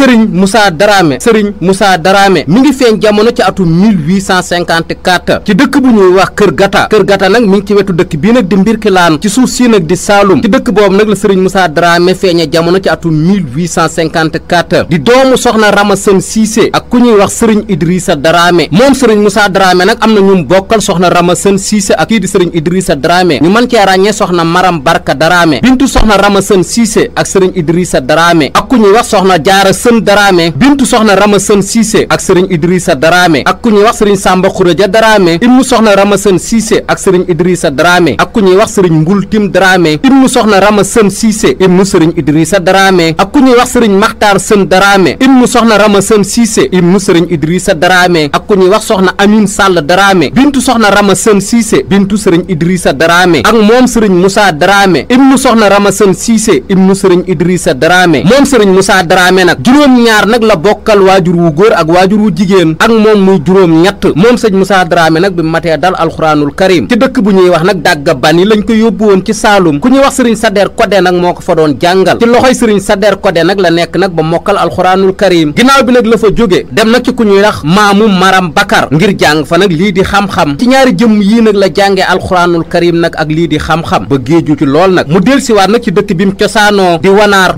Serigne Moussa Darame Serigne Moussa Darame mi ngi feeñ jamono ci atum 1854 ci dëkk bu ñuy wax Kër Gata Kër Gata nag mu ngi ci wetu dëkk bii nag di Mbirkilaan ci suuf sii nag di Saalum ci dëkk boobu nag la Serigne Moussa Darame feeñe jamono ci atum 1854 di doomu soxna Ramaseen Cissé ak ku ñuy wax Serigne Idrissa Darame moom Serigne Moussa Darame nag am na ñu bokkal soxna Ramaseen Cissé ak kii di Serigne Idrissa Darame ñu mën cee ràññee soxna Maram Barka Darame bintu soxna Ramaseen Cissé ak Serigne Idrissa Darame ak ku ñuy wax soxna Jaara Sën Daraame bintu soxna Rama Sën Cissé ak sëriñ Idrissa Daraame ak ku ñuy wax sëriñ Samba Khourédia Daraame ibnu soxna Rama Sën Cissé ak sëriñ Idrissa Daraame ak ku ñuy wax sëriñ Mbultim Daraame ibnu soxna Rama Sën Cissé ibnu sëriñ Idrissa Daraame ak ku ñuy wax sëriñ Maxtaar Sën Daraame ibnu soxna Rama Sën Cissé ibnu sëriñ Idrissa Daraame ak ku ñuy wax soxna Amine Sall Daraame bintu soxna Rama Sën Cissé bintu sëriñ Idrissa Daraame ak moom sëriñ Moussa Daraame ibnu soxna Rama Sën Cissé ibnu sëriñ Idrissa Daraame moom sëriñ Moussa Daraame nag juróom-ñaar nag la bokkal waajur wu góor ak waajur wu jigéen ak moom muy juróom-ñett moom sëñ Moussa Dramé nag bi matee dal alxuraanul karim ci dëkk bu ñuy wax nag dàgga bani lañ ko yóbbu woon ci saalum ku ñuy wax sëriñ Sader Kodé nag moo ko fa doon jàngal ci loxoy sëriñ Sader Kodé nag la nekk nag ba mokkal alxuraanul karim ginnaaw bi nag la fa jóge dem nag ci ku ñuy wax maamu maram bakar ngir jàng fa nag lii di xam-xam ci ñaari jëm yii nag la jàngee alxuraanul karim nag ak lii di xam-xam ba géeju ci lool nag mu delsiwaat nag ci dëkk bi mu cosaanoo di wanaar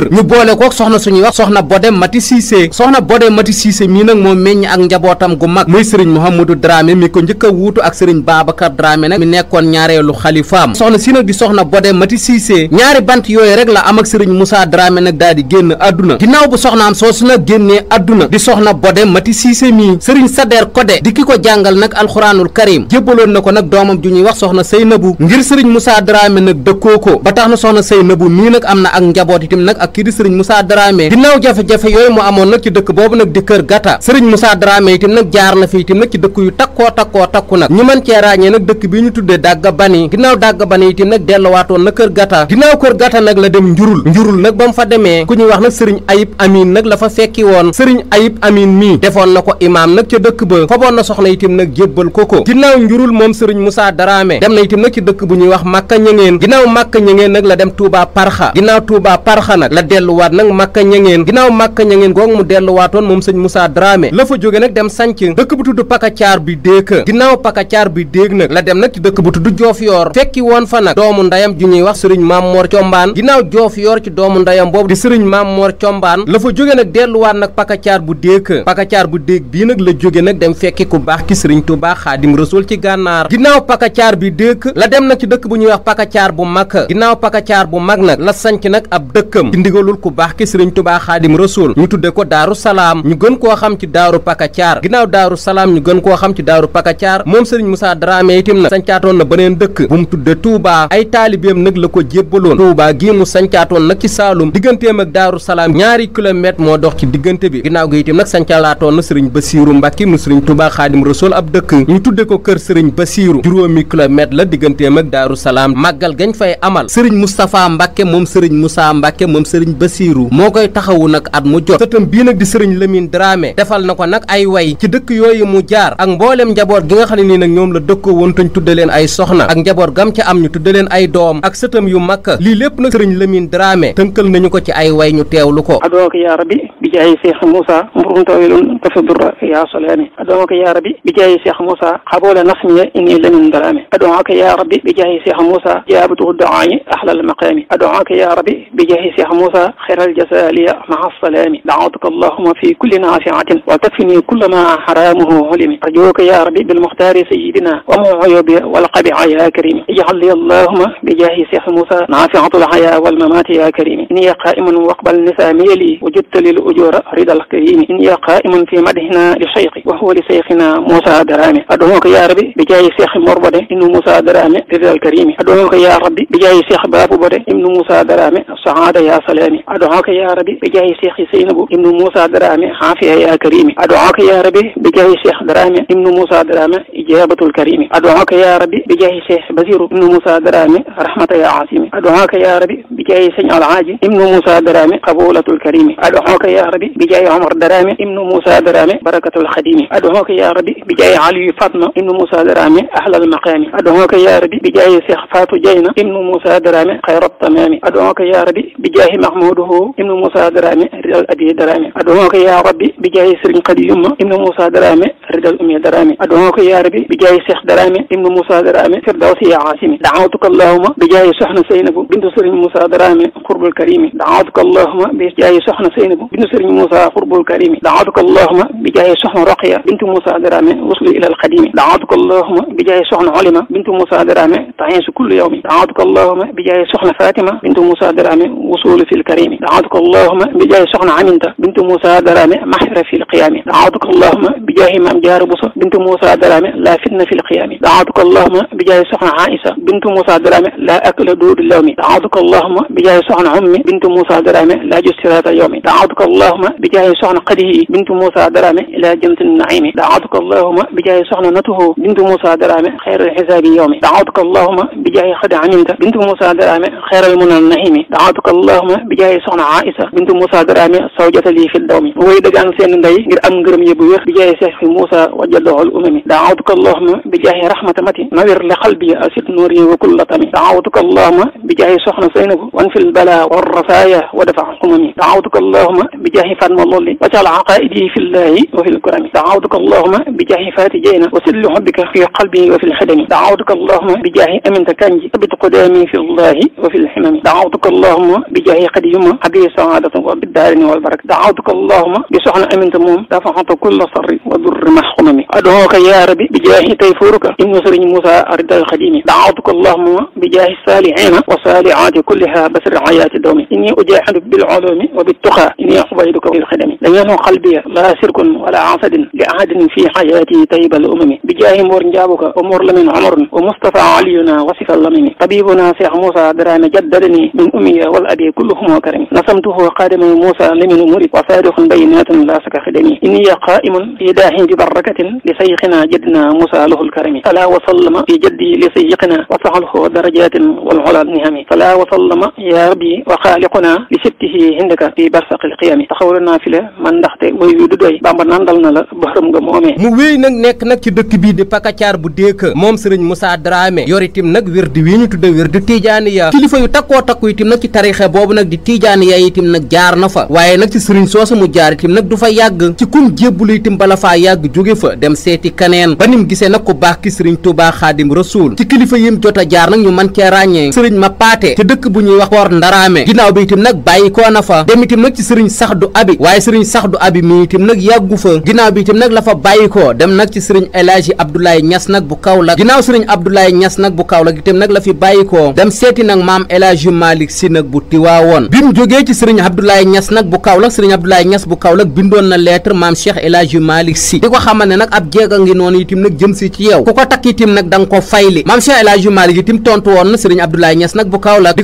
kër ñu boole kook soxna suñuy wax soxna Bodé Mati Cissé soxna Bodé Mati Cissé mii nag moo meññ ak njabootam gu mag muy sëriñ Mouhamadou Dramé mi ko njëkk a wuutu ak sëriñ Babacar Dramé nag mi nekkoon ñaareelu xalifaam soxna si nag di soxna Bodé Mati Cissé ñaari bant yooyu rek la am ak sëriñ Moussa Dramé nag daal di génn àdduna ginnaaw bu soxnaam soosu nag génnee àdduna di soxna Bodé Mati Cissé mii sëriñ Sader Kodé di ki ko jàngal nag alxuraanul ak kii di sëriñ Moussa Dramé ginnaaw jafe-jafe yooyu mu amoon nag ci dëkk boobu nag di kër gata sëriñ Moussa Dramé itam nag jaar na fi itam nag ci dëkk yu takkoo takkoo takku nag ñu mën cee ràññee nag dëkk bii ñu tuddee dàgga bani ginnaaw dàgga bani itam nag delluwaatoon na kër gata ginnaaw kër gata nag la dem njurul njurul nag ba mu fa demee ku ñuy wax nag sëriñ ayib amin nag la fa fekki woon sëriñ ayib amin mii defoon na ko imaam nag ca dëkk ba faboon na soxna itam nag jébbal ko ko ginnaaw njurul moom sëriñ Moussa Dramé dem na itam nag ci dëkk bu ñuy wax màkka ñëngeen ginnaaw màkka ñëngeen nag la dem Touba parxa ginnaaw Touba la delluwaat nag màkka ñangeen ginnaaw màkka ñangeen googu mu delluwaatoon moom sëñ musa Dramé la fa jóge nag dem sanc dëkk bu tudd Pakacaar bi déeka ginnaaw Pakacaar bi déeg nag la dem nag ci dëkk bu tudd Diofior fekki woon fa nag doomu ndayam ju ñuy wax sëriñ Mammoor Combaan ginnaaw Diofior ci doomu ndayam boobu di sëriñ Mammoor Combaan la fa jóge nag delluwaat nag Pakacaar bu déeka Pakacaar bu déeg bii nag la jóge nag dem fekki ku baax ki sëriñ Tuubaa Xaadim Rasuul ci gànnaar ginnaaw Pakacaar bi déek la dem nag ci dëkk bu ñuy wax Pakacaar bu mag ginnaaw Pakacaar bu mag nag la sanc nag ab dëkkam ndigalul ku baax ki sëriñ tubaa xaadim rasuul ñu tudde ko daaru salaam ñu gën koo xam ci daaru pakacaar ginnaaw daaru salaam ñu gën koo xam ci daaru pakacaar moom sëriñ Moussa Dramé itim na sancaatoon na beneen dëkk bu mu tudde Touba ay taalibeem nag la ko jébbaloon Touba gii mu sancaatoon nag ci Saalum digganteem ak daaru salaam ñaari kilomètre moo dox ci diggante bi ginnaaw gi itim nag sancaalaatoon na sëriñ Basiiru Mbàkke mu sëriñ tubaa xaadim rasuul ab dëkk ñu tudde ko kër sëriñ Basiiru juróomi kilomètre la digganteem ak daaru salaam màggal gañ fay amal sëriñ Moustapha Mbàkke moom sëriñ Moussa Mbàkke moom sëriñ Basiiru moo koy taxawu nag at mu jot sëtam bii nag di sëriñ Lamine Dramé defal na ko nag ay way ci dëkk yooyu mu jaar ak mbooleem njaboot gi nga xam ne nii nag ñoom la dëkkoo woon tuñ tudde leen ay soxna ak njaboot gam ci am ñu tudde leen ay doom ak sëtam yu makka lii lépp nag sëriñ Lamine Dramé tënkal nañu ko ci ay way ñu lu ko adooka yaa rabbi bi jaay Cheikh Moussa mburum tawilun dafa dura yaa soleeni adooka yaa rabbi bi jaay Cheikh Moussa xaboole nasmiya inni Lamine Dramé adooka yaa rabbi bi jaay Cheikh Moussa jaabatu daayi ahlal maqaami adooka yaa rabbi bi jaay Cheikh Moussa xeral jasaliya maa salaami daawatuka allahuma fi kulli nafiatin wa takfini kulla ma xaramuhu ulimi arjuka ya rabbi bilmuxtaari sayidina wa muuyubi walqabia ya karimi ijal li allahuma bijaahi cheikh Moussa nafiatul xaya walmamaati ya karimi inni qaimun waqbal nisaamiya li wajudta lil ujura ridal karimi inni qaimun fi madhina li cheikhi wa huwa li cheikhina Moussa Darame adumuka ya rabbi bijaahi cheikh Morbode ibnu Moussa Darame ridal karimi adumuka ya rabbi bijaahi cheikh Babou Bode ibnu Moussa Darame saada ya السلام أدعوك يا ربي بجاه شيخ سينب ابن موسى درامي عافية يا كريم أدعوك يا ربي بجاه شيخ درامي ابن موسى درامي إجابة الكريم أدعوك يا ربي بجاه شيخ بزير ابن موسى درامي رحمة يا عاصم أدعوك يا ربي بجاه سن العاجي ابن موسى درامي قبولة الكريم أدعوك يا ربي بجاه عمر درامي ابن موسى درامي بركة الخديم أدعوك يا ربي بجاه علي فاطمة ابن موسى درامي أحلى المقام أدعوك يا ربي بجاه شيخ فاتو جينا ابن موسى درامي خير التمام أدعوك يا ربي بجاه محموده ابن موسى درامي رضا الأبي درامي أدعوك يا ربي بجاه سرين قديم ابن موسى درامي رضا الأمي درامي أدعوك يا ربي بجاه شيخ درامي ابن موسى درامي فردوسي يا عاصمي دعوتك اللهم بجاه سحن سينب بنت سرين موسى Dramé xurbul karimi daawatuka allahuma bi jaayi soxna Seynabu bintu sëriñ Moussa xurbul karimi daawatuka allahuma bi jaayi soxna Roqiya bintu Moussa Dramé waslu ilal xadimi daawatuka allahuma bi jaayi soxna Olima bintu Moussa Dramé taxeesu kullu yawmi daawatuka allahuma bi jaayi soxna Fatima bintu Moussa Dramé wasulu fil karimi daawatuka allahuma bi jaayi soxna Aminta bintu Moussa Dramé maxira fil qiyaami daawatuka allahuma bi jaayi maam Jaara Buso bintu Moussa Dramé laa fitna fil qiyaami daawatuka allahuma bi jaayi soxna Aïsa bintu Moussa Dramé laa akla duudu lawmi daawatuka allahuma allahuma bi jaay soxna ummi bintu Moussa Darame laa jus siraatal yawmi daawatuka allahuma bi jaay soxna xadihi bintu Moussa Darame ilaa jamtin naimi daawatuka allahuma bi jaay soxna natuhu bintu Moussa Darame xeyral xisaabi yawmi daawatuka allahuma bi jaay xadi aminta bintu Moussa Darame xeyral munan naimi daawatuka allahuma bi jaay soxna Aïsa bintu Moussa Darame sawjata lii fi dawmi woy dëggaan seen ndey ngir am ngërëm yëbu wér bi jaay seex fi Moussa wajaldoxol umami daawatuka allahuma bi jaay rahmatamati nawir li xalbi asit nuuri wa kulla tami daawatuka allahuma bi jaay soxna Zeynabu wanfil bala warrasaya wa dafa xumami daawtuka allahuma bi jaahi fatma lolli wajal aqaidi fi llahi wa fi lkurami daawtuka allahuma bi jaahi fati jeyna wa silli hubbika fi qalbi wa fi lxidami daawtuka allahuma bi jaahi aminta kanji sabit qudami fi llahi wa fi lximami daawtuka allahuma bi jaahi xadiyuma abi saadata wa biddaarini walbaraka daawtuka allahuma bi soxna aminta moom dafaxanta kulla sarri wa durri ma xumami adooka yaa rabi bi jaahi tayfuruka ibnu sëriñ Moussa arida alxadimi daawtuka allahuma bi jaahi saalihiina wa saalihaati kulliha basir ayaati doomi inni ujaahidu bil ulumi wa bit tuqa inni ubayduka bil xidami dañoon xalbiya la sirkun wala ansadin li ahadin fi xayaati tayyibal umami bi jaahi mor njaabuka wa mor lamin omarun wa mustafa aliyuna wasifa lamimi tabibuna cheikh moussa darame jaddadani min umiya wal abi kulluhum karami nasamtuhu qaadima moussa laminu murid wa saadixun bayinatun la saka xidami inni qaimun fi daahi bi barakatin li sayxina jaddina moussa lahul karami salaa wa sallama fi jaddi li sayxina wa saxalhu darajatin wal ulal nihami salaa wa sallama yaa rabbi wa xaaliquna li sibtihi indaka fi barsaqil qiyami taxawal naa fi la man ndaxte way yu du doy bamba na la boxaram nga moomee mu wéy nag nekk nag ci dëkk bii di caar bu déeka moom sëriñ Moussa Dramé yor itam nag wér di wii ñu tudde wér di tiijaani ya kilifa yu takkoo takku itam nag ci tarixe boobu nag di tiijaani ya itam nag jaar na fa waaye nag ci sëriñ soo mu jaar itam nag du fa yàgg ci kum jébbulu itam bala faa yàgg jóge fa dem seeti kaneen ba nim gisee nag ku baax ki sëriñ Tuubaa Xaadim Rasuul ci kilifa yim jot a wax koor ndaraame ginnaaw bi itam nag bàyyi koo na fa dem itam nag ci sëriñ sax du abi waaye sëriñ sax du abi mi itam nag yàggu fa ginnaaw bi itam nag la fa bàyyi koo dem nag ci nag bu Kaolack ginnaaw sëriñ nag bu Kaolack itam nag fi bàyyi koo dem seeti nag maam El Hadji Malick si nag bu Tiwaawoon bi mu jógee ci sëriñ Abdoulaye Niass nag bu Kaolack sëriñ Abdoulaye Niass bu Kaolack bindoon na lettre maam Cheikh El Hadji si di ko xamal ne nag ab jeeg a ngi noonu itam nag jëm si ci yow ku ko takk itam nag da nga ko fayli maam Cheikh El woon na sëriñ Abdoulaye Niass nag bu Kaolack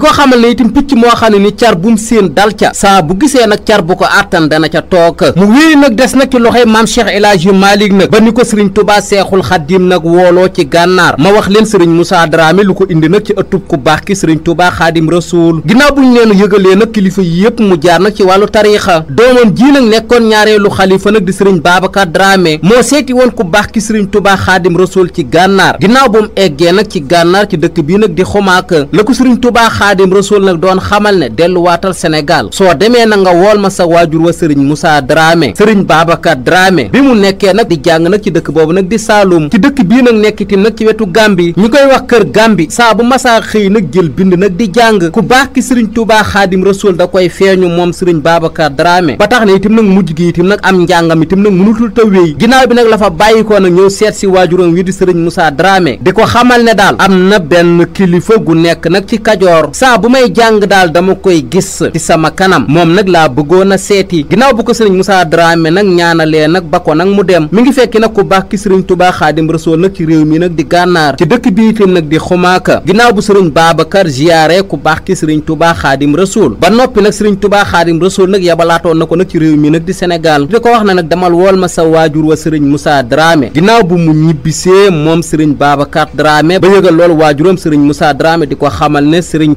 loolee itam picc moo xam ne ni car bu mu séen dal ca saa bu gisee nag car bu ko àttan dana ca toog mu wéy nag des nag ci loxoy maam Cheikh El Hadji Malick nag ba ni ko sëriñ Tuubaa Seexul Xaddiim nag wooloo ci gànnaar ma wax leen sëriñ Moussa Dramé lu ko indi nag ci ëttub ku baax ki sëriñ Tuubaa Xaadim Rasuul ginnaaw bu ñu leen yëgalee nag kilifa yi yëpp mu jaar nag ci wàllu tariixa doomam ji nag nekkoon ñaareelu xalifa nag di sëriñ Babacar Dramé moo seeti woon ku baax ki sëriñ Tuubaa Xaadim Rasuul ci gànnaar ginnaaw bu mu eggee nag ci gànnaar dëkk bii nag di xumaak la Rasoul nag doon xamal ne delluwaatal Sénégal soo demee na nga ma sa waajur wa sëriñ Moussa Dramé sëriñ Babacar Dramé bi mu nekkee nag di jàng nag ci dëkk boobu nag di Saloum ci dëkk bii nag nekk itam nag ci wetu Gambi ñu koy wax kër Gambi saa bu masaa xëy nag jël bind nag di jàng ku baax ki sëriñ Touba Xaadim Rasoul da koy feeñu moom sëriñ Babacar Dramé ba tax ne itam nag mujj gi itam nag am njàngam itam nag mënutul te wéy ginnaaw bi nag la fa bàyyikoo nag ñëw seet si waajuram wi di sëriñ Moussa Dramé di ko xamal ne daal am na benn kilifa gu nekk nag ci Kajoor may jàng daal dama koy gis ci sama kanam moom nag laa bëggoon a seeti ginnaaw bu ko sëriñ Moussa Dramé nag ñaanalee nag ba ko nag mu dem mu ngi fekki nag ku baax ki sëriñ Touba Xaadim Rasuul nag ci réew mi nag di gànnaar ci dëkk bi itam nag di xumaaka ginnaaw bu sëriñ Babacar ziyaare ku baax ki sëriñ Touba Xaadim Rasuul ba noppi nag sëriñ Touba Xaadim Rasuul nag yabalaatoon na ko nag ci réew mi nag di Sénégal di ko wax na nag damal wool ma sa waa wa sëriñ Moussa Dramé ginnaaw bu mu ñibbisee moom sëriñ Babacar Dramé ba yëgal loolu waajuram sëriñ Moussa Dramé di ko xamal ne sëriñ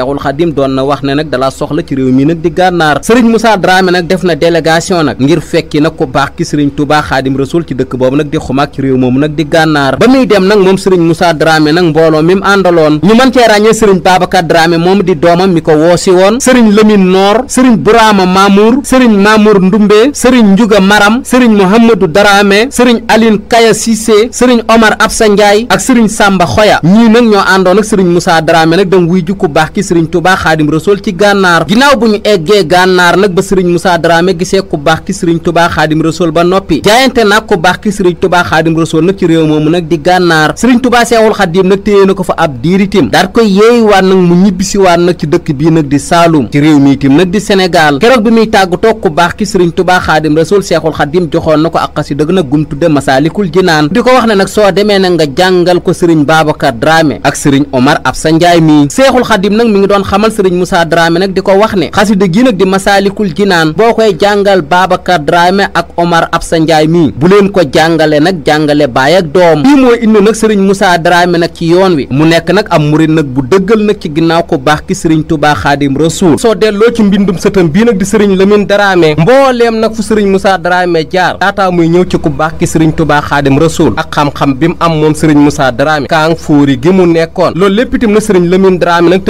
Seexul Xadim doon na wax ne nag dala soxla ci réew mi nag di gànnaar sëriñ Moussa Dramé nag def na délégation nag ngir fekki nag ku baax ki sëriñ Touba Xadim Rasul ci dëkk boobu nag di xumaak ci réew moomu nag di gànnaar ba muy dem nag moom sëriñ Moussa Dramé nag mbooloo mi mu àndaloon ñu mën cee sëriñ Babacar Dramé moom di doomam mi ko woosi woon sëriñ Lamine Noor sëriñ Burama Mamour sëriñ Mamour Ndumbe sëriñ Njuga Maram sëriñ Mouhamadou Dramé sëriñ Aline Kaya Cissé sëriñ Omar Absa Ndiaye ak sëriñ Samba Xoya ñii nag ñoo àndoon ak sëriñ Moussa Dramé nag sëriñ tubaa xaadim rasool ci gànnaar ginnaaw bu ñu eggee gànnaar nag ba sëriñ Moussa Dramé gisee ku baax ki sëriñ tubaa xaadim rasool ba noppi jaayante nag ku baax ki sëriñ tubaa xaadim rasool nag ci réew moomu nag di gànnaar sëriñ tubaa seexul xaadim nag téye na ko fa ab diiritim daat koy yeey waan nag mu ñibbisi waan nag ci dëkk bii nag di saalum ci réew mi nag di sénégal keroog bi muy tàggatoo ku baax ki sëriñ tubaa xaadim rasool seexul xaadim mi ngi doon xamal sëriñ Moussa nag di ko wax ne xasida gi nag di masaalikul jinaan boo koy jàngal Babacar Dramé ak Omar sa Ndiaye mii bu leen ko jàngale nag jàngale baay ak doom lii mooy indi nag sëriñ Moussa Dramé nag ci yoon wi mu nekk nag am murit nag bu dëggal nag ci ginnaaw ko baax ki sëriñ Touba Xaadim Rasuul soo delloo ci mbindum sëtam bii nag di sëriñ Lamine Dramé mbooleem nag fu sëriñ Moussa Dramé jaar laataa muy ñëw ci ku baax ki sëriñ Touba Xaadim Rasuul ak xam-xam bi mu am moom sëriñ Moussa Dramé kaang fóori gi mu nekkoon loolu lépp itam na sëriñ Lamine Dramé nag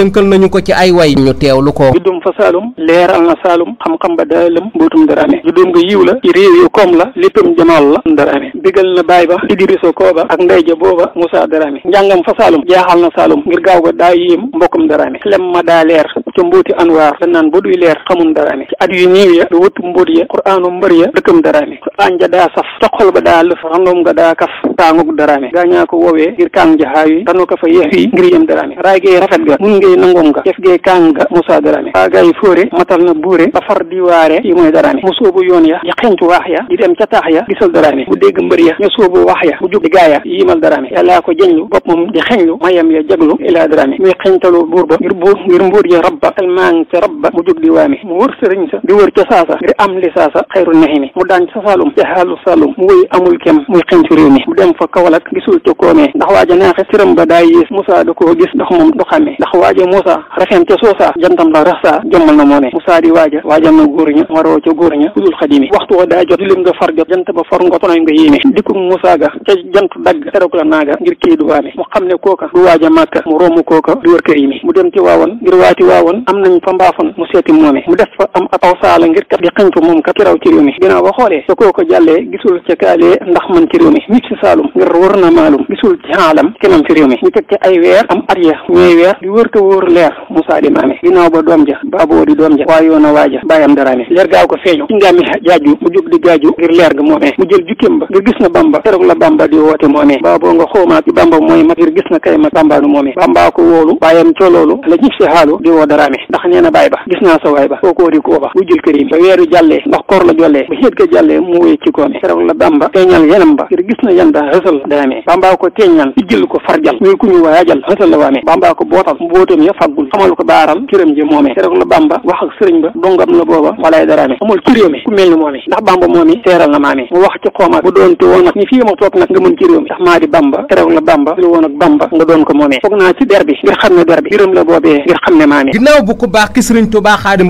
nañu ko ci ay way ñu teewlu ko juddum fa saalum leeral na saalum xam-xam ba daalam mbootum dara amee juddum nga yiw la ci réew yu koom la léppam jamaal la dara amee bigal na ba Idrissa Kooba ak ndey jaaxal na saalum ngir gaaw ga daa yéem mbokkum dara amee lem ma daa leer ca mbooti anwaar da naan ba duy leer xamun dara amee ci at yu niiw ya da wëttu mbóot ya quraanu mbër ya dëkkam dara amee quraan ja daa saf toqol ba daa lëf randoom nga daa kaf taanguk dara amee gaa ñaa ko woowee ngir kaan jaxaayu tanu ko fa yeex yi ngir yem dara amee raay gay rafet ga mun kanga def gee kanga Moussa Darame waagayi fóore matal na buure ba far di waare yi mooy Darame mu sóobu yoon ya di xentu waax ya di dem ca taax ya gisal Darame bu dégg mbër ya ña sóobu wax ya jug di gaaya yimal Darame yàllaa ko jëñlu bopp moom di xeñlu mayam ya jaglu ilaa Darame muy ba ngir buur ngir mbuur ya rabba talmaan ca rabba mu jug di waami mu wër sëriñ sa di wër ca saasa ngir am li saasa xayru nexe mi mu daañ sa saalum ca xaalu saalum mu wéy amul kem muy xeñtu réew dem fa kawalak gisul ca koomee ndax waaja naaxe siram ba daay yées Moussa da gis ndax moom du xàmmee ndax waaja Moussa rafen ca soosa jantam la raxsa jëmmal na moo ne Musaa waaja waajal na góor ña waroo ca góor ña kudul xadimi waxtu wa daa jot jullim nga far jot jant ba far nga tonoy nga yéeme dikku Musaa ga ca jant dagg tereku la naaga ngir kii du waame mu xam ne kooka du waaja màkka mu romb kooka di wër kër yi mi mu dem ci waawoon ngir waati waawoon am nañ def am aw saala ngir kat di xañ fa moom kat ki raw ci réew mi ginnaaw ba xoolee sa kooka jàllee gisul ca kaalee ndax man ci réew mi nit saalum ngir wër na maalum gisul ci xaalam kenam ci réew mi ñu teg ci ay weer am at ya ñooy weer di wër te wóor leer Moussa di maame ginnaaw ba doom ja baaboo di doom ja waa yoona waaja bàyyam daraame leer gaaw ko feeñu ci ngaami jaaju mu jóg di jaaju ngir leer ga moomee mu jël jukkim ba ngir gis na la bamba di woote moomee baaboo nga xoomaat bi bamba mooy mag ngir gis na kay mag bamba nu moomee bamba ko woolu bàyyam coloolu la ñib si xaalu di woo daraame ndax nee na baay ba gis naa sa waay ba kookoo di koo ba bu jël kërim ba weeru jàllee ndax koor la jollee ba xéet ga jàllee mu wéy ci koome keroog la bamba teeñal yanam ba ngir gis na yan ba xësal daraame bamba ko teeñal ci jël ko farjal ñuy ku ñu bokkul xamal ko baaram kiram ji moomee keroog la bamba wax ak sëriñ ba dongam la booba walaay daraame amul ci réew mi ku mel ni moomee ndax bamba moomee baax ki sëriñ Tuubaa Xaadim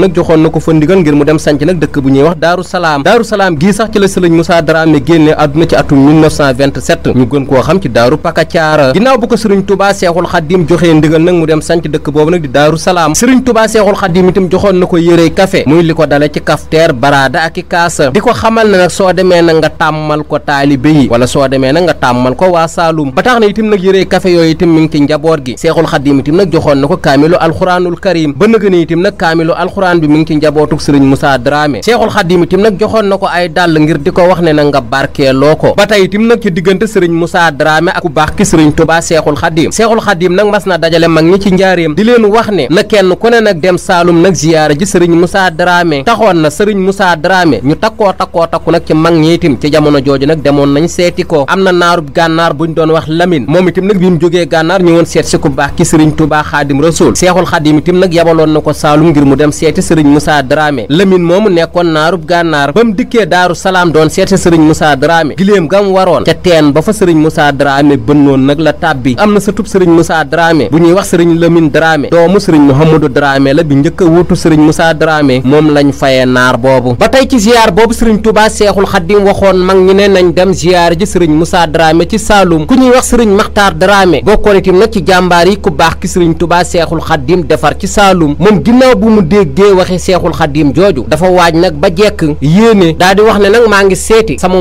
nag joxoon na ko fa ndigal ngir mu dem sanc nag dëkk bu ñuy wax daaru salaam gii sax ci la sëriñ Moussa Dramé génne àdduna ci atum 1927 ñu gën koo xam ci daaru pakacaara ginnaaw bu ko sëriñ tubaa seexul xaddim joxee ndigal nag mu dem sanc dëkk boobu nag di daaru salaam sëriñ tubaa seexul xaddim itam joxoon na ko yërey café muy li ko dale ci kafteer baraada ak i kaasa di ko xamal ne nag soo demee nag nga tàmmal ko taalibe yi wala soo demee nag nga tàmmal ko waa saalum ba tax na itam nag yërey café yooyu itam mi ngi ci njaboot gi seexul xaddim itam nag joxoon na ko kaamilu alxuraanul karim ba nëgë ne itam alxuraan bi mi ngi ci njabootuk sëriñ Moussa Dramé seexul xaddim itam nag joxoon na ko ay dàll ngir di ko wax ne na nga barkeeloo ko ba tey itam nag ci diggante sëriñ Moussa Dramé ak ku baax ki sëriñ Touba Seexul Xadim Seexul Xadim nag mas na dajale mag ñi ci njaareem di leen wax ne na kenn ku ne nag dem Saalum nag ziyaara ji sëriñ Moussa Dramé taxoon na sëriñ Moussa Dramé ñu takkoo takkoo takku nag ci mag ñi itam ci jamono jooju nag demoon nañ seeti ko am na naarub gànnaar ñu doon wax Lamine moom itam nag bi mu jógee gànnaar ñëwoon seet si ku baax ki sëriñ Touba Xadim Rasul Seexul Xadim nag yabaloon na ko Saalum ngir mu dem seeti sëriñ Moussa Dramé Lamine moomu nekkoon naarub gànnaar ba mu dikkee Daaru Salaam doon seeti sëriñ Moussa Dramé julleem gam waroon ca teen ba fa sëriñ Moussa Dramé bënnoon nag la tàbbi am na sëtub sëriñ Moussa Dramé bu ñuy wax sëriñ Lamine Dramé doomu sëriñ Mouhamadou Dramé la bi njëkk a wuutu sëriñ Moussa Dramé moom lañ faye naar boobu ba tey ci ziar boobu sëriñ Touba Seexul Xaddim waxoon mag ñi ne nañ dem ziar ji sëriñ Moussa Dramé ci Saloum ku ñuy wax sëriñ Makhtar Dramé bokkoon itam nag ci jàmbaar yi ku baax ki sëriñ Touba Seexul Xaddim defar ci Saloum moom ginnaaw bu mu déggee waxe Seexul Xaddim jooju dafa waaj nag ba jekk yéene daa di wax ne nag maa ngi seeti sama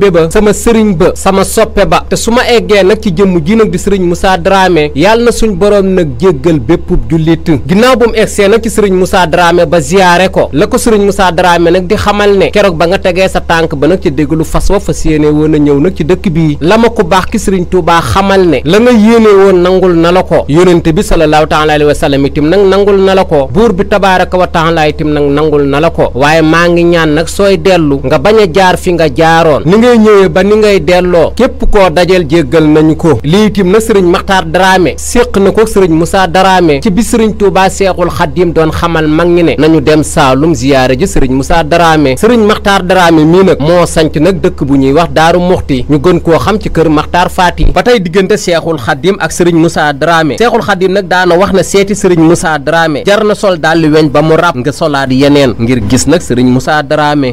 taalibe ba sama sëriñ ba sama soppe ba te su ma eggee nag ci jëmm ji nag di sëriñ Moussa Dramé yàlla na suñ boroom nag jéggal bépp jullit ginnaaw bu mu egsee nag ci sëriñ Moussa Dramé ba ziyaare ko la ko sëriñ musaa Dramé nag di xamal ne keroog ba nga tegee sa tànk ba nag ci déglu fas wa fas yéene woon a ñëw nag ci dëkk bii la ma ko baax ki sëriñ Touba xamal ne la nga yéene woon nangul na la ko yónente bi sallallahu taala alayhi wa nag nangul na la ko buur bi tabaaraka wa itam nag nangul na la ko waaye maa ngi ñaan nag sooy dellu nga bañ a jaar nga jaaroon ngay ñëwee ba ni ngay delloo képp koo dajal jéggal nañu ko lii itam na sëriñ maxtaar daraame séq na ko sëriñ musaa daraame ci bi sëriñ tuubaa seexul xaddiim doon xamal mag ñi ne nañu dem saalum ziyaare ji sëriñ musaa daraame sëriñ maxtaar daraame mii nag moo sanc nag dëkk bu ñuy wax daaru muxti ñu gën koo xam ci kër maxtaar faati ba tey diggante seexul xaddiim ak sëriñ musaa daraame seexul xaddiim nag daana wax na seeti sëriñ musaa daraame jar na sol dàlli weñ ba mu rab nga solaat yeneen ngir gis nag sëriñ musaa daraame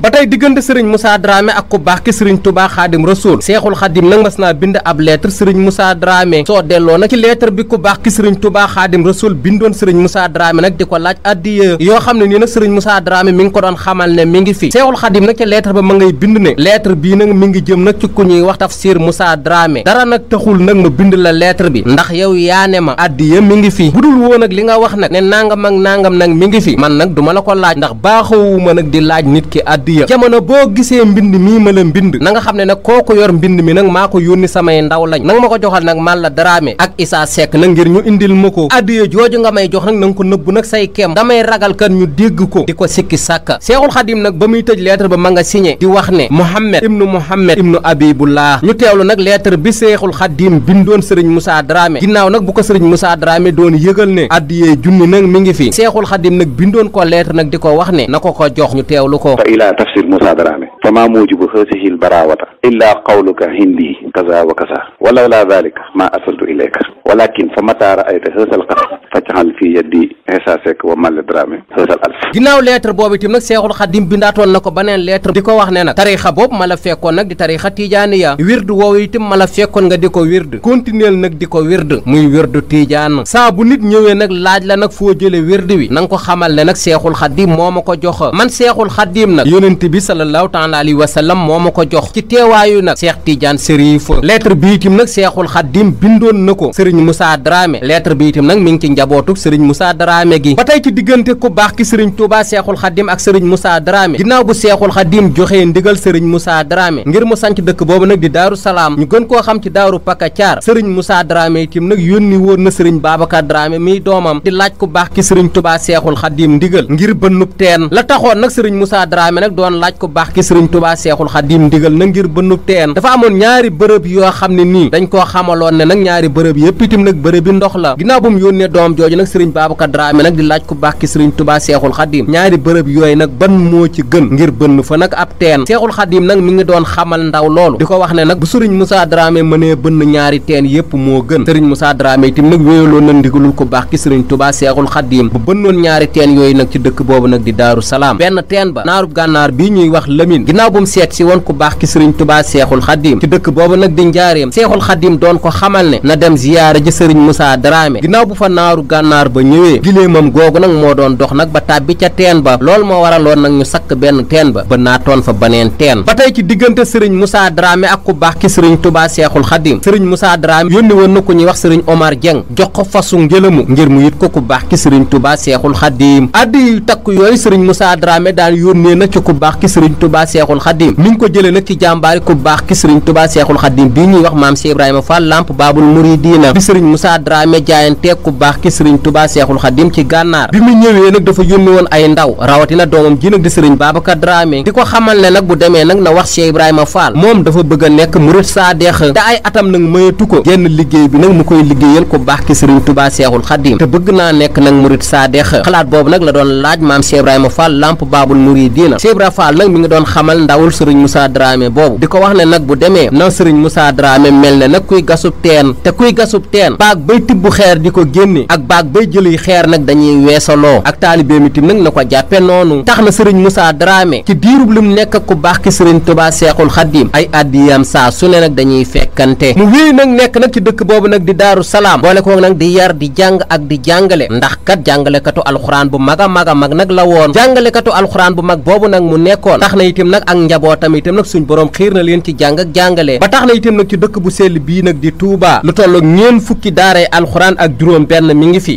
Touba Xaadim Rasul Seexul Xaadim nag mas naa bind ab lettre Serigne Moussa Dramé soo delloo nag ci lettre bi ku baax ki Serigne Touba Xaadim Rasul bindoon Serigne Moussa Dramé nag di ko laaj addiya yoo xam ne nii nag Serigne Moussa Dramé mi ngi ko doon xamal ne mi ngi fi Seexul Xaadim nag ca lettre ba ma ngay bind ne lettre bii nag mi ngi jëm nag ci ku ñuy wax Tafsir Moussa Dramé dara nag taxul nag ma bind la lettre bi ndax yow yaa ne ma addiya mi ngi fi budul woon nag li nga wax nag ne nangam ak nangam nag mi ngi fi man nag duma la ko laaj ndax baaxawuma nag di laaj nit ki addiya jamono boo gisee mbind mii ma la mbind nga xam ne nag kooku yor mbind mi nag maa ko yónni samay ndaw lañ nanga ma ko joxal nag man la Dramé ak Issa Seck nag ngir ñu indil ma ko addiye jooju nga may jox nag na nga ko nëbb nag say kem damay ragal kan ñu dégg ko di ko sikki sàkka Seexul Xadim nag ba muy tëj lettre ba ma nga signé di wax ne Mohammed ibnu Mohammed ibnu Abibullah ñu teewlu nag lettre bi Seexul Xadim bindoon Serigne Moussa Dramé ginnaaw nag bu ko Serigne Moussa Dramé doon yëgal ne addiye junni nag mi ngi fi Seexul Xadim nag bindoon ko lettre nag di ko wax ne na ko ko jox ñu teewlu ko tilawata illa qawluka hindi kaza wa kaza walaw la dalika ma asaltu ilayka walakin fa mata raayta hësal qat fajxal fi yaddi Insa Seck wa Malle Dramé ginnaaw lettre boobu itam nag Seexul Xadim bindaatoon na ko beneen lettre di ko wax ne nag tarixa boobu ma la fekkoon nag di tarixa tijaaniya wirdu woowu itam ma la fekkoon nga di ko wird continuel nag di ko wird muy wirdu tijaan saa bu nit ñëwee nag laaj la nag foo jële wird wi na ko xamal ne nag Seexul Xadim moo ma ko jox man Seexul Xadim nag yonent bi sallallahu taala alayhi wa sallam moo ma ko jox ci teewaayu nag Seex Tijaan Sërif lettre bi itam nag Seexul Xadim bindoon na ko Sëriñ Moussa Dramé lettre bi itam nag mi ci njabootu Dramé gi ba tey ci diggante ku baax ki sëriñ Touba Seexul Xadim ak sëriñ Moussa Dramé ginnaaw bu Seexul Xadim joxee ndigal sëriñ Moussa Dramé ngir mu sanc dëkk boobu nag di Daaru Salaam ñu gën koo xam ci Daaru Pakacaar sëriñ Moussa Dramé itam nag yónni woon na sëriñ Babacar Dramé miy doomam di laaj ku baax ki sëriñ Touba Seexul Xadim ndigal ngir bënnub teen la taxoon nag sëriñ Moussa darame nag doon laaj ku baax ki sëriñ Touba Seexul Xadim ndigal na ngir bënnub teen dafa amoon ñaari bërëb yoo xam ne nii dañ koo xamaloon ne nag ñaari bërëb yépp itam nag bërëb bi ndox la ginnaaw bu mu yónnee doom jooju sëriñ Dramé nag di laaj ku baax ki Serigne Touba Seexul Xadim ñaari bërëb yooyu nag ban moo ci gën ngir bënn fa nag ab teen Seexul Xadim nag mi ngi doon xamal ndaw loolu di ko wax ne nag bu Serigne Moussa Dramé mënee bënn ñaari teen yépp moo gën Serigne Moussa Dramé itam nag wéyaloon na ndigalul ku baax ki Serigne Touba Seexul Xadim bu bënnoon ñaari teen yooyu nag ci dëkk boobu nag di Daaru Salaam benn teen ba naarub gànnaar bi ñuy wax Lamine ginnaaw bu mu seet si woon ku baax ki Serigne Touba Seexul Xadim ci dëkk boobu nag di njaareem Seexul Xadim doon ko xamal ne na dem ziyaara ji Serigne Moussa Dramé ginnaaw bu fa naaru gànnaar gileemam googu nag moo doon dox nag ba tàbbi ca teen ba loolu moo waraloon nag ñu sakk benn teen ba ba naatoon fa baneen teen ba tey ci diggante sëriñ Moussa Dramé ak ku baax ki sëriñ Touba Seexul Xadim sëriñ Moussa Dramé yónni woon na ko ñuy wax sëriñ Omar Dieng jox ko fasu njëlamu ngir mu yit ko ku baax ki sëriñ Touba Seexul Xadim addi yu takk yooyu sëriñ Moussa Dramé daan yónnee na ci ku baax ki sëriñ Touba Seexul Xadim mi ngi ko jëlee nag ci jàmbaari ku baax ki sëriñ Touba Seexul Xadim bii ñuy wax maam Cheikh Ibrahima Fall Lamp Baabul Muridiina bi sëriñ Moussa Dramé jaayantee ku baax ki sëriñ Touba Seexul Xadim jëm ci gànnaar bi mu ñëwee nag dafa yónni woon ay ndaw rawatina doomam ji di sëriñ Babacar Dramé di ko xamal ne nag bu demee nag na wax Cheikh Ibrahima Fall moom dafa bëgg a nekk murit nag ko genn liggéey bi nag mu koy liggéeyal ko baax ki sëriñ Touba Seexul Xadim te bëgg naa nekk nag murit saadeex xalaat boobu nag la doon laaj maam Cheikh Ibrahima Fall lamp baabul muridiina Cheikh Ibrahima Fall nag mi ngi doon xamal ndawul sëriñ Moussa Dramé boobu di ko wax ne nag bu demee na sëriñ Moussa Dramé mel ne nag kuy gasub teen te kuy gasub teen baag bay tibb xeer di ko génne ak baag bay jëli xeer nag nag dañuy weesaloo ak taalibeem itam nag la ko jàppe noonu tax na sëriñ Moussa Dramé ci diirub lu mu nekk ku baax ki sëriñ Tuubaa Seexul Xadiim ay addiyam saa su ne nag dañuy fekkante mu wéy nag nekk nag ci dëkk boobu nag di Daaru Salaam boole ko nag di yar di jàng ak di jàngale ndax kat jàngalekatu alxuraan bu mag a mag a mag nag la woon jàngalekatu alxuraan bu mag boobu nag mu nekkoon tax na itam nag ak njabootam itam nag suñ borom xiir na leen ci jàng ak jàngale ba tax na itam nag ci dëkk bu sell bii nag di Touba lu toll ñeen fukki daaray alxuraan ak juróom benn mi ngi fi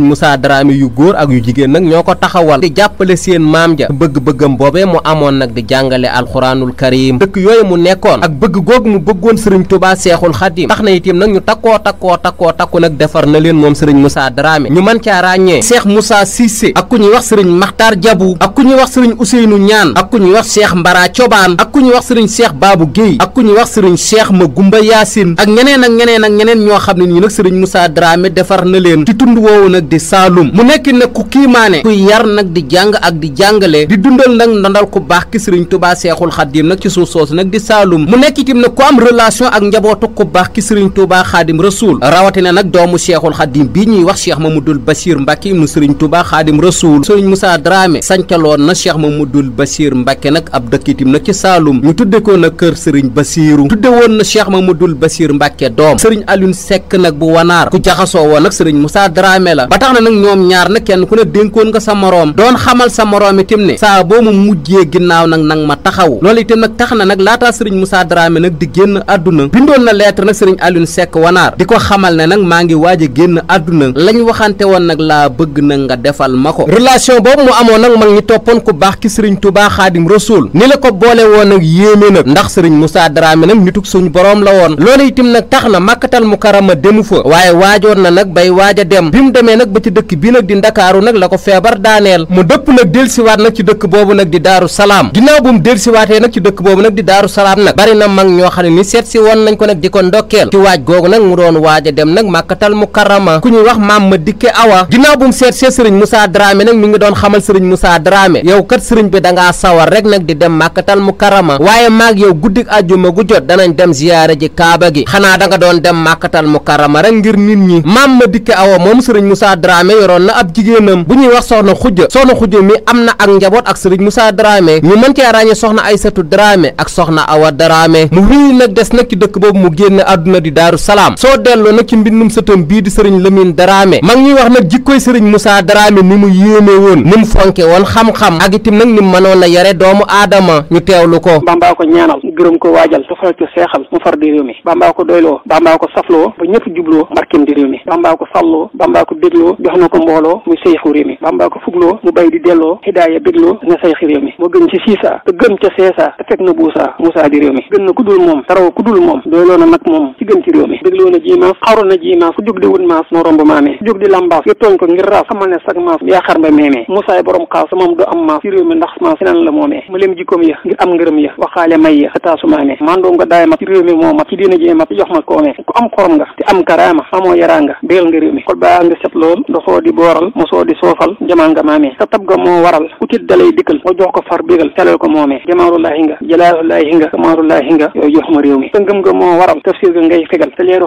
sëriñ Moussa Dramé yu góor ak yu jigéen nag ñoo ko taxawal di jàppale seen maam ja bëgg-bëggam boobee mu amoon nag di jàngale alxuraanul karim dëkk yooyu mu nekkoon ak bëgg googu mu bëggoon sëriñ Touba Seexul Xadim tax na itam nag ñu takkoo takkoo takkoo takku nag defar na leen moom sëriñ Moussa Dramé ñu mën caa ràññee Cheikh Moussa Cissé ak ku ñuy wax sëriñ Makhtar Diabou ak ku ñuy wax sëriñ Ousseynou Ñaan ak ku ñuy wax Cheikh Mbara Cobaan ak ku ñuy wax sëriñ Cheikh Babou Guèye ak ku wax sëriñ Cheikh Ma Gumba Yaasin ak ñeneen ak ñeneen ak ñeneen ñoo xam ne nii nag sëriñ Moussa Dramé defar na di Saalum mu nekk nag ku kiimaane ku yar nag di jàng ak di jàngale di dundal nag ndandal ku baax ki sëriñ Tubaa Seexul Xaadim nag ci suuf soosu nag di Saalum mu nekk itam nag ku am relation ak njabootu ku baax ki sëriñ Tubaa Xaadim Rasuul rawatina nag doomu Seexul Xaadim bii ñuy wax Cheikh Mamadul Bachir Mbacke ibnu sëriñ Tubaa Xaadim Rasuul sëriñ Moussa Dramé sancaloon na ma mu dul Bachir Mbacke nag ab dëkk itam nag ci Saalum ñu tudde ko nag kër sëriñ Basiiru tudde woon na Cheikh Mamadul Bachir Mbacke doom sëriñ Alioune Seck nag bu wanaar ku jaxasoo woon nag sëriñ Moussa Dramé la tax na nag ñoom ñaar nag kenn ku ne dénkoon nga sa moroom doon xamal sa moroom itam ne saa boo ma mujjee ginnaaw nag nag ma taxaw loolu itam nag tax na nag laataa sëriñ Moussa Dramé nag di génn àdduna bindoon na lettre nag sëriñ Alioune Seck wanaar di ko xamal ne nag maa ngi waaj a génn àdduna lañ waxante woon nag laa bëgg na nga defal ma ko relation boobu mu amoon nag mag ñi toppoon ko baax ki sëriñ Touba Xaadim Rasuul ni la ko boole woon nag yéeme nag ndax sëriñ Moussa Dramé nag nitug suñu boroom la woon loolu itam nag tax na màkkatal mu karama demu fa waaye waajoon na nag bay waaj a dem bi mu demee nag nag ba ci dëkk bii nag di ndakaaru nag la ko feebar daaneel mu dëpp nag delsiwaat nag ci dëkk boobu nag di daaru salaam ginnaaw bu mu delsiwaatee nag ci dëkk boobu nag di daaru salaam nag bari na mag ñoo xam ne ni seetsi woon nañ ko nag di ko ndokkeel ci waaj googu nag mu doon waaja a dem nag màkkatal mukarrama ku ñuy wax maam ma dikk awa ginnaaw bu mu seet see sëriñ Moussa Dramé nag mu ngi doon xamal sëriñ Moussa Dramé yow kat sëriñ bi danga ngaa sawar rek nag di dem màkkatal mukarrama waaye maag yow guddik àjjuma gu jot danañ dem ziyaare ji kaaba gi xanaa da nga doon dem màkkatal mukarrama rek ngir nit ñi maam ma dikke awa moom sëriñ Moussa Dramé yoroon na ab jigéenam bu ñuy wax soxna xujja soxna xujja mi am na ak njaboot ak sëriñ Moussa Dramé ñu mën cee ràññee soxna Aysatu Dramé ak soxna Awa Dramé mu wii nag des nag ci dëkk boobu mu génn àdduna di Daaru Salaam soo delloo nag ci mbindum sëtam bii di sëriñ Lamine Dramé mag ñuy wax nag jikkoy sëriñ Moussa Dramé ni mu yéeme woon ni mu fonke woon xam-xam ak itam nag ni mu mënoon a yare doomu aadama ñu teewlu ko bambaa ko ñaanal gërëm ko waajal dafal ko seexal mu ko doyloo bambaa ko safloo ba ñëpp jubloo mbarkim di réew mi bambaa ko sàlloo bambaa ko fugloo jox na ko mbooloo muy seyxu réew mi bàmbaa ko fugloo mu bay di delloo hidaaya bégloo na seyxi réew mi moo gën ci siisaa te gën ca seesaa te fekk na buusaa muusaa di réew mi gën na ku dul moom te raw ku dul moom doyloo na nag moom ci gën ci réew mi bégloo na jii maas xaru jii maas ku jóg di wut maas moo romb maamee ku jóg di lambaas ngir ko ngir raas xamal ne sag maas yaa xar meemee muusaay borom xaas moom du am maas ci réew mi ndax maas boppam mosoo di booral mosoo di soofal jamaa nga maamee sa tab ga moo waral utit dalay dikkal nga jox ko far bégal telal ko moomee jamaalulaahi nga jalaalulaahi nga kamaalulaahi nga yooyu jox ma réew mi sa ngëm ga moo waral tafsir ga ngay fegal sa leeru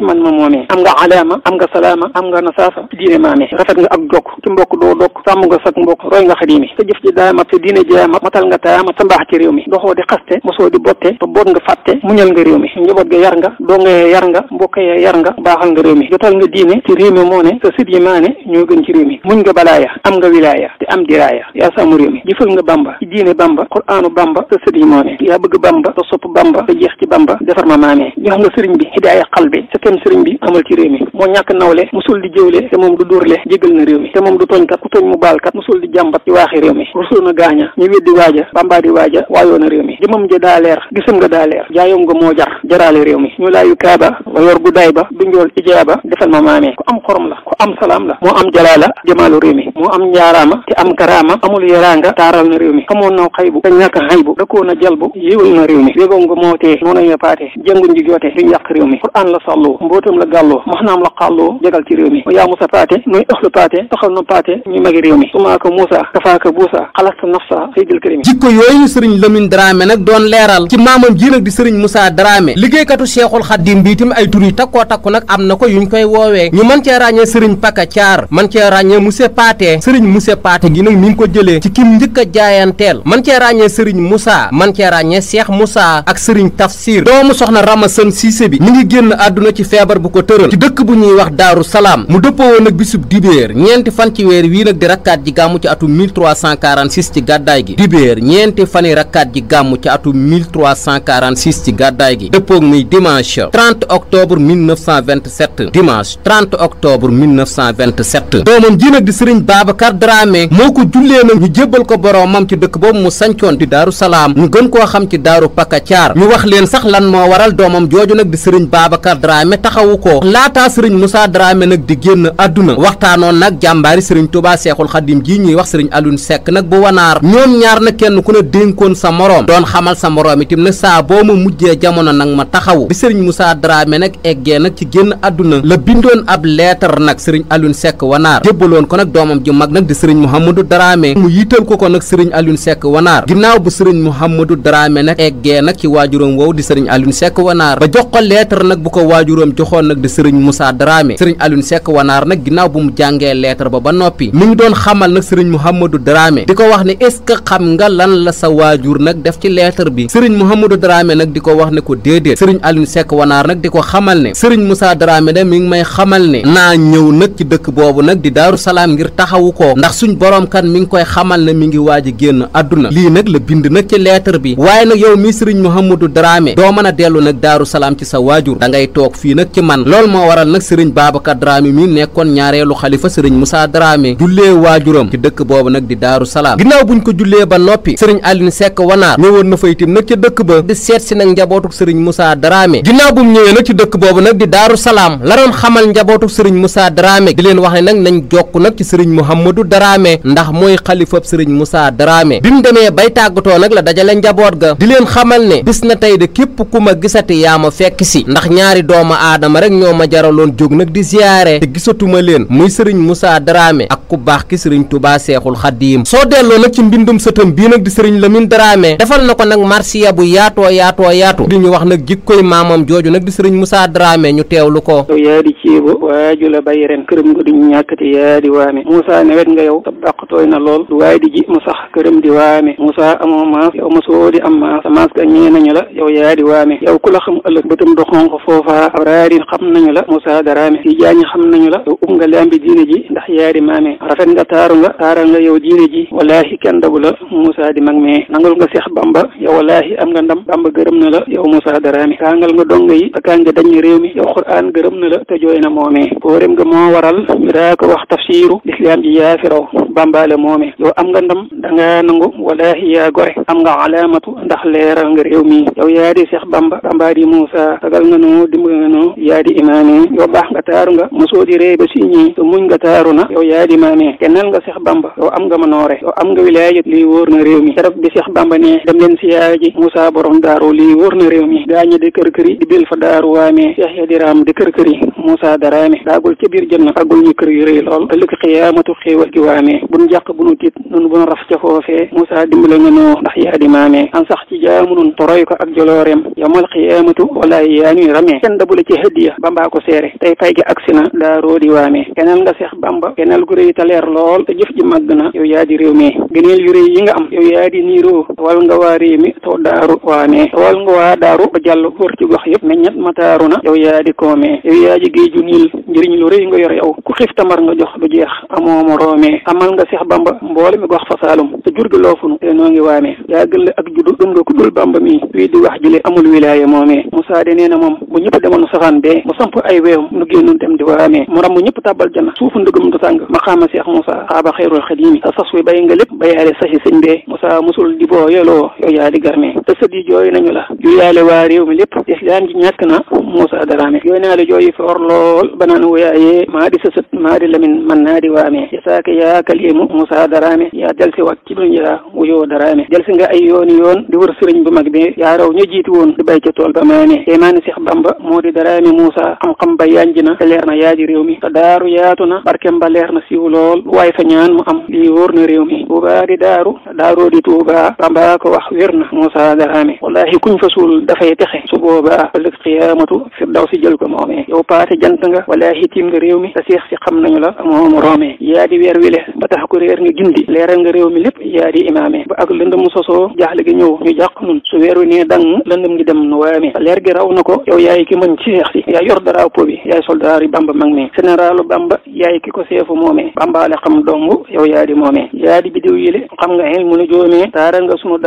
ma moomee am nga alaama am nga salaama am nga nasaafa ci diine maamee rafet nga ak jokk ci doo dokk sàmm nga sag mbokk roy nga xadiimi sa jëf ji daamat sa diine matal nga taamat sa mbaax ci réew mi doxoo di xaste mosoo di botte te boot nga fàtte muñal nga réew mi njaboot ga yar nga doo nga yar nga mbokk ya yar nga baaxal nga réew mi jotal nga diine ci réew moo ne jullit yi maa ne ñoo gën ci réew mi muñ nga balaaya am nga wilaaya te am diraaya yaa sàmm réew mi jëfal nga bamba ci diine bamba quraanu bamba sa yaa bëgg bamba sa sopp bamba sa jeex ci bamba defar ma maamee jox nga sëriñ bi hidaaya xal bi sa tem sëriñ bi amul ci réew mi moo ñàkk nawle musul di jëwle te moom du dóorle jégal na réew mi te moom du tooñ kat ku tooñ mu baal kat musul di jàmbat ci waaxi réew mi rusul na gaaña ñu weddi waaja bamba di waaja waayoo na réew mi jëmam ja daa leer gisam nga daa leer jaayoom nga moo jar jaraale réew mi ñu laayu kaaba wa yor gu daay ba du njool ijaaba defal ma maamee ku am la salaam la moo am jalaala jamaalu réew mi moo am njaaraama te am karaama amul yaraanga taaral na réew mi amoon na xaybu te ñàkk xaybu dakoo a jalbu yiwal na réew mi wégoo nga mootee noonu ñu paate jëngu nji jootee duñ yàq réew mi quraan la sàlloo mbootam la gàlloo maxnaam la xàlloo jagal ci réew mi o yaa musa paate nuy ëxlu paate taxal nu paate ñu magi réew mi sumaaka muusa kafaaka buusa xalasta nafsa saydil karimi jikko yooyu sëriñ Lamine Dramé nag doon leeral ci maamam ji nag di sëriñ Moussa Dramé liggéeykatu Cheikhul Khadim bi ay tur takkoo takku nag am na ko yuñ koy woowee ñu mën cee sëriñ Serigne Paka man cee ràññee monsieur Paate Serigne monsieur Paate gi nag mi ngi ko jëlee ci kim njëkk jaayanteel man cee ràññee Serigne Moussa man cee ràññee Cheikh Moussa ak Serigne Tafsir doomu soxna Rama Sën Cissé bi mi ngi génn àdduna ci feebar bu ko tëral dëkk bu ñuy wax Daaru Salaam mu dëppoo woon nag bisub dibéer ñeenti fan ci weer wii nag di rakkaat ji gàmmu ci atum 1346 ci gàddaay gi dibéer ñeenti fani rakkaat ji gàmmu ci atum 1346 ci gàddaay gi dëppoog muy dimanche 30 octobre 1927 dimanche 30 octobre 19 1927 doomam ji nag di sëriñ Babacar Dramé moo ko jullee nag ñu jébbal ko boroomam ci dëkk boobu mu sancoon di daaru salaam ñu gën koo xam ci daaru Pakacaar ñu wax leen sax lan moo waral doomam jooju nag di sëriñ Babacar Dramé taxawu ko laataa sëriñ Moussa Dramé nag di génn àdduna waxtaanoon nag jàmbaari sëriñ Touba Seexul Xadim ji ñuy wax sëriñ Alioune Seck nag bu wanaar ñoom ñaar na kenn ku ne dénkoon sa moroom doon xamal sa moroom itam ne saa boo ma mujjee jamono nag ma taxawu bi sëriñ Moussa Dramé nag eggee nag ci génn àdduna la bindoon ab leetar nag sëriñ Alioune Seck Wanaar jébbaloon ko nag doomam ju mag nag di sëriñ Mouhamadou Dramé mu yiital ko ko nag sëriñ Alioune Seck Wanaar ginnaaw bu sëriñ Mouhamadou Dramé nag ba jox ko lettre nag bu ko waajuróom joxoon ginnaaw bu mu jàngee lettre ba ba noppi mi ngi doon xamal nag sëriñ Mouhamadou Dramé di ko wax ne est xam nga lan la sa waajur nag def ci lettre bi sëriñ Mouhamadou Dramé nag di ko wax ne ko déedéet sëriñ Alioune Seck Wanaar nag di ko xamal ne sëriñ Moussa Dramé da mi ngi may xamal ne naa ñëw nag wërët ci dëkk boobu nag di daaru salaam ngir taxawu ko ndax suñ boroom kan mi ngi koy xamal na mi ngi waaj a génn àdduna lii nag la bind nag ci lettre bi waaye nag yow mi sëriñ Mouhamadou Dramé doo mën a dellu nag daaru salaam ci sa waajur da ngay toog fii nag ci man lool moo waral nag sëriñ Babacar Dramé mi nekkoon ñaareelu xalifa sëriñ Moussa Dramé jullee waajuram ci dëkk boobu nag di daaru salaam ginnaaw buñ ko jullee ba noppi sëriñ Aline Seck wanaar ñëwoon na fa itam nag ca ba di seet si nag njabootuk sëriñ Moussa Dramé ginnaaw bu mu ñëwee ci dëkk boobu nag di daaru salaam la doon Dramé di leen wax ne nag nañ jokk nag ci sëriñ Mouhamadou Dramé ndax mooy xalifab sëriñ Moussa Dramé bi mu demee bay tàggatoo nag la dajale njaboot ga di leen xamal ne bis na tey de képp ku ma gisati yaa ma fekk si ndax ñaari doomu aadama rek ñoo ma jaraloon jóg nag di ziyaare te gisatuma leen muy sëriñ Moussa Dramé ak ku baax ki sëriñ Touba Seexul Xadiim soo delloo nag ci mbindum sëtam bi nag di sëriñ Lamine Dramé defal na ko nag marsiya bu yaatoo yaatoo yaatu di ñu wax nag jikkoy maamam jooju nag di sëriñ Moussa Dramé ñu teewlu këram nga duñ ñàkkate yaa waame Moussa newet nga yow sa bàq na lool du waay di ji mu di waame Moussa amoo maas yow mosoo sa maas ga ñee la yow yaa di waame yow ku la xam ëllëg bëtam du xonq foofaa abraarin xam nañu la Moussa daraame si jaañi xam nañu la yow um nga lambi diine ji ndax yaa di maame rafet nga taaru nga taaral nga yow diine ji walaahi kenn dabu la Moussa di mag mee nangul nga Seex Bamba yow walaahi am nga ndam Bamba gërëm na la yow Moussa daraame kaangal nga donga yi sa kaan nga dañ réew mi yow Quraan gërëm na la te jooy na moomee waral mi daa ko wax tafsiru lislaam ji yaa fi raw bàmbaale moome yow am nga ndam da nga nangu walaahi yaa gore am nga alaamatu ndax mi yow yaa di Seex Bamba Bamba di Muusa sagal nga noo dimbali nga noo yaa di imaame yow baax nga taaru nga mosoo di ree ba si ñii muñ nga taaru na yow yaa di maame kennal nga Seex Bamba yow am nga manoore yow am nga wilaayat lii wóor na réew mi teref bi Seex Bamba ne dem leen si yaa ji Muusa borom daaru lii wóor na réew gaañi di kër kër fa daaru waamee Seex ya di raam na fàggul ñu kër yu rëy lool a xiyaamatu xéewal gi waamee buñ jàq bu nu tiit nun bu nu raf ca foofee Moussa dimbale nga noo ndax yaa di maamee an sax ci jaamu nun toroy ko ak jolooreem yamal xiyaamatu wala yaa ñuy ramee kenn dabula ci hëddiya bambaa ko seere tey fay gi agsi na daa roodi waamee keneel nga seex bamba keneel gu rëy te leer lool te jëf ji màgg na yow yaa di réew yu rëy yi nga am yow niiroo tawal nga waa réew mi to daaru waamee tawal nga waa daaru ba jàll yor yow ku xiif tamar nga jox bu jeex a moroomee amal nga Seex Bamba mboole mi gox fa Saalum te jur gi loofunu te noo ngi waamee yaa gën la ak juddu dum nga ku dul Bamba mi wii di wax jile amul wilaaye moomee Moussa de nee na moom bu ñëpp demoon safaan bee mu samp ay weewum nu génnoon dem di waamee mu ram mu ñëpp tàbbal jana suufu ndëgum du sàng maqaama Seex Moussa xaaba xayrul xadimi sa sas wi bay nga lépp bayaale saxi sëñ bee Moussa musul di boo yaa di garmee te sët jooy nañu la yu yaale waa réew mi lépp islam ji na Moussa Dramé jooy naa maadi sasat maadi lamin man naadi waame yasaaka yaa kalimu Moussa Darame yaa jalsi wak kibrin yaa wuyoo Darame jalsi nga ay yooni yoon di wër sëriñ bu mag bi yaa raw ña jiiti woon ba di na te na yaaji réew mi te daaru yaatu na barkem ba leer na siiw lool waaye fa ñaan mu am lii wóor na réew mi Tuubaa di daaru daaroo di Tuubaa Bamba ko wax wér na Moussa Darame wallahi kuñ fa suul dafay texe su boobaa ëllëg xiyaamatu firdaw si jël ko moomee yow paate jant nga wallahi tiim nga mi te seex si xam nañu la moom roomee yaa di weer wile ba tax ko réer ñu gindi leeral nga réew mi lépp yaa di imaamee ba ak lëndëm sosoo jaaxle gi ñëw ñu jàq nun su weer wi nee dang lëndëm gi dem nu waamee leer na ko yow yaay ki mën ci seex si yaay yor drapeau bi yaay soldaar yi bamba mag mi généralu bamba yaay ki ko seefu moomee bambaale xam dong yow yaa di moomee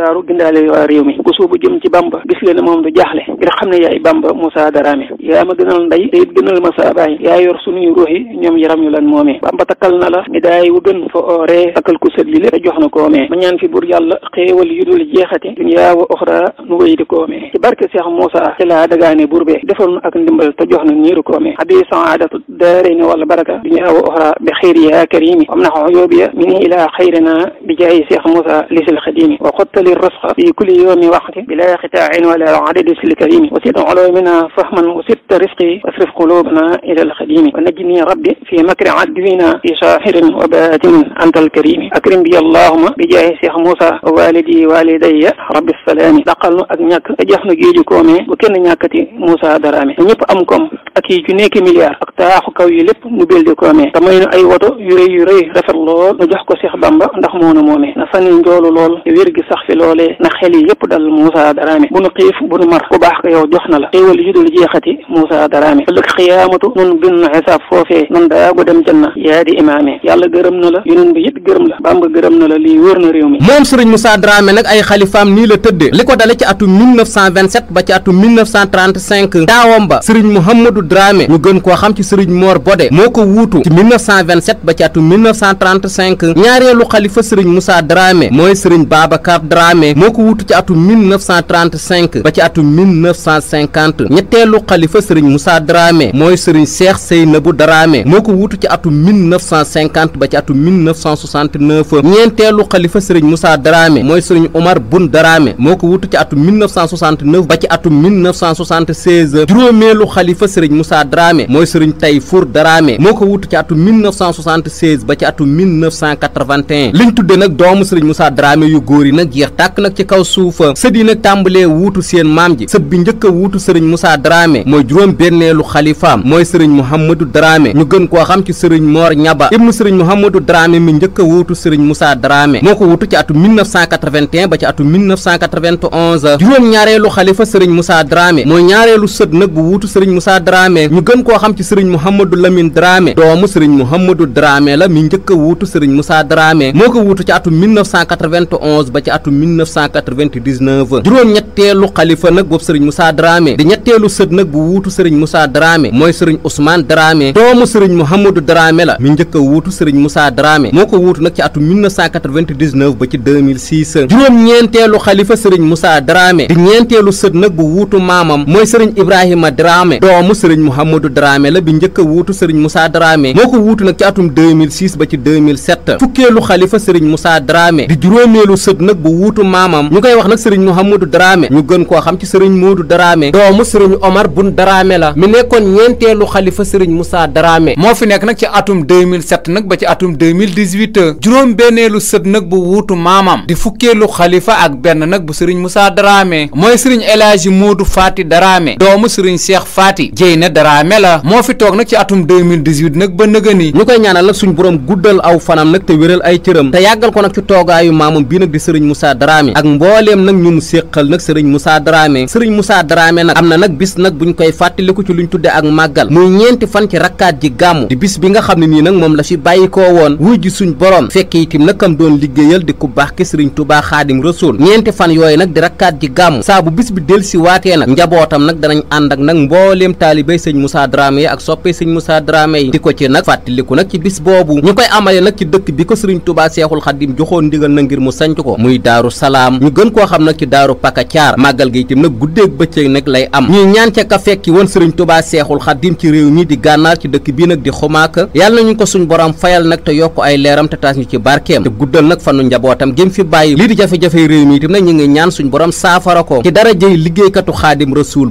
daaru gindaale waa mi ku suubu jëm ci bamba gis leen moom du jaaxle ngir xam ne yaay bamba Moussa Darame ma gënal ndey te gënal ma sa baay yaa yor sunuy ruux yi ñoom yaram yu lan moomee bamba takkal na la mi daay wu gën fa ooree ku sët li lépp jox na koomee ma ñaan fi bur yàlla xéewal yu dul jeexati duniyaa wa oxra nu wéy di koomee ci barke Cheikh Moussa ci laa dagaane buur bee defal nu ak ndimbal te jox na niiru koomee abi saadatu الدارين والبركة دنيا وأخرى بخيرها كريم وامنح عيوبي منه إلى خيرنا بجاه شيخ موسى ليس الخديم وقدت لي الرزق في كل يوم وقت بلا قطاع ولا عدد الكريم وزد علومنا فهما وسدت رزقي واصرف قلوبنا إلى الخديم ونجني ربي في مكر عدونا في ساحر وباتن أنت الكريم أكرم بي اللهم بجاه شيخ موسى والدي والدي رب السلام daqal ak ñàkk te jeex na géeju koomee bu kenn ñàkkati Moussa Darame ñëpp am koom ak yi ju nekk milliard ak taaxu fu kaw yi lépp mu bel di ko amee te may nu ay woto yu rëy yu rëy rafet lool nu jox ko Seex Bamba ndax moomee na fan njoolu lool te wér gi sax fi loolee na xel yi yépp dal Moussa Darame bu nu xiif bu nu mar ku baax ko yow jox na la xéewal yu dul jeexati Moussa Darame ëllëg xiyaamatu nun binnu xisaab foofee nun daagu dem janna yaa di imaamee yàlla gërëm na la yonent bi it gërëm la Bamba gërëm na la lii wóor na réew mi moom sëriñ Moussa Darame nag ay xalifaam Serigne Mor Bodé moo ko wuutu ci 1927 ba ci atum 1935 ñaareelu xalifa Serigne Moussa Dramé mooy Serigne Babacar Dramé moo ko wuutu ci atum 1935 ba ci atum 1950 ñetteelu xalifa Serigne Moussa Dramé mooy Serigne Cheikh Seynabou Dramé moo ko wuutu ci atum 1950 ba ci atum 1969 ñeenteelu xalifa Serigne Moussa Dramé mooy Serigne Omar Boun Dramé moo ko wuutu ci atum 1969 ba ci atum 1976 juróomeelu xalifa Serigne Moussa Dramé mooy Serigne Tay Abdoulaye Four Daraame moo ko wutu ci atu ba ci atu 1981 liñ tudde nag doomu sëriñ Moussa Daraame yu góor yi nag jeex tàkk nag ci kaw suufa sët tàmbalee wuutu seen maam ji sët bi njëkk a wuutu sëriñ Moussa Daraame mooy juróom benneelu xalifaam mooy sëriñ Mouhamadou Daraame ñu gën koo xam ci sëriñ Moor Ñaba ibnu sëriñ Mouhamadou Daraame mi njëkk a wuutu sëriñ Moussa Daraame moo ko wutu ci atu 1981 ba ci atu 1991 juróom ñaareelu xalifa sëriñ Moussa Daraame mooy ñaareelu sët nag bu wuutu sëriñ Moussa Daraame ñu gën koo xam ci sëriñ Mouhamadou Mouhamadou Lamine Dramé doomu Serigne Mouhamadou Dramé la mi a di a juróom-ñeenteelu xalifa Serigne Moussa Dramé di ñeenteelu sët nag bu wuutu maamam mooy Serigne Ibrahima Dramé doomu Serigne Mouhamadou Dramé la bi njëkk njëkk a wuutu sëriñ Moussa Dramé moo ko wuutu nag ci atum 2006 ba ci 2007 fukkeelu xalifa sëriñ Moussa Dramé di juróomeelu sët nag bu wuutu maamam ñu koy wax nag sëriñ Mouhamadou Dramé ñu gën koo doomu sëriñ Omar Bun Dramé la mi nekkoon ñeenteelu xalifa sëriñ Moussa Dramé moo fi nekk nag ci atum nag ba ci atum juróom benneelu sët nag bu wuutu maamam di fukkeelu xalifa ak benn nag bu sëriñ Moussa Dramé mooy sëriñ El Hadji Modou Fati Dramé doomu sëriñ Cheikh Fati Dieyna Dramé la ci atum 2018 nag ba nëgëni ñu koy ñaanal nag suñ borom guddal aw fanam nag te wéral ay cëram te yàggal ko nag ci toogaayu maamam bii nag di sëriñ musa Dramé ak mbooleem nag ñu mu séqal nag sëriñ Moussa Dramé sëriñ Moussa Dramé nag am na nag bis nag buñ koy fàttaliku ci lu ñu tudde ak màggal muy ñeenti fan ci rakkaat ji gàmmu di bis bi nga xam ne nii nag moom la fi bàyyikoo woon wuy ji suñ borom fekk itim nag kam doon liggéeyal di ku baax ki sëriñ Touba Xaadim Rasuul ñeenti fan yooyu nag di rakkaat ji gàmmu saa bu bis bi del si waatee nag njabootam nag danañ ànd ak nag mbooleem taalibéy sëriñ Moussa Dramé ak soppe sëñ Moussa Dramé yi di ko ci nag fàttaliku nag ci bis boobu ñu koy amale nag ci dëkk bi ko sëriñ Touba Seexul Xadim joxoon ndigal na ngir mu sanc ko muy daaru salaam ñu gën koo xam nag ci daaru Pakacaar màggal gi itam nag guddeeg bëccëg nag lay am ñuy ñaan ca ka fekki woon sëriñ Touba Seexul Xadim ci réew mi di gànnaar ci dëkk bii nag di xumaaka yàlla ñu ko suñ borom fayal nag te yokk ay leeram te taas ñu ci barkeem te guddal nag fanu njabootam gém fi bàyyi lii di jafe-jafe réew mi itam nag ñu ngi ñaan suñ borom saafara ko ci darajey liggéeykatu xaadim rasuul